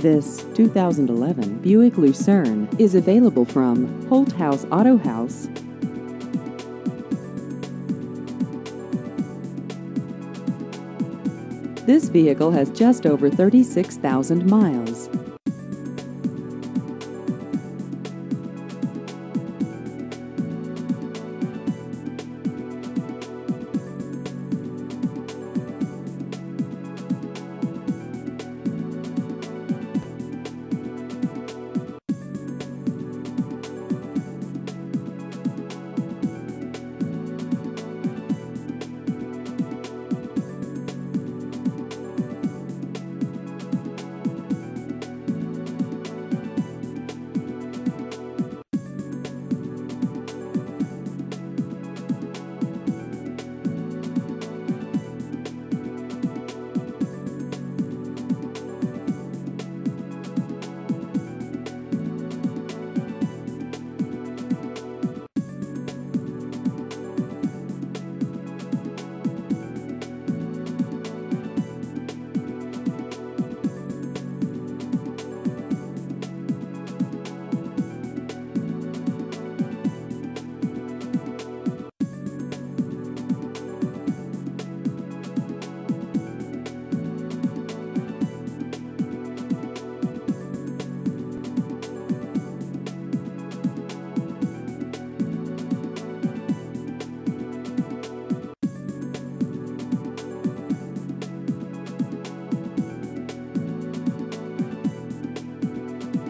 This 2011 Buick Lucerne is available from Holt House Auto House. This vehicle has just over 36,000 miles.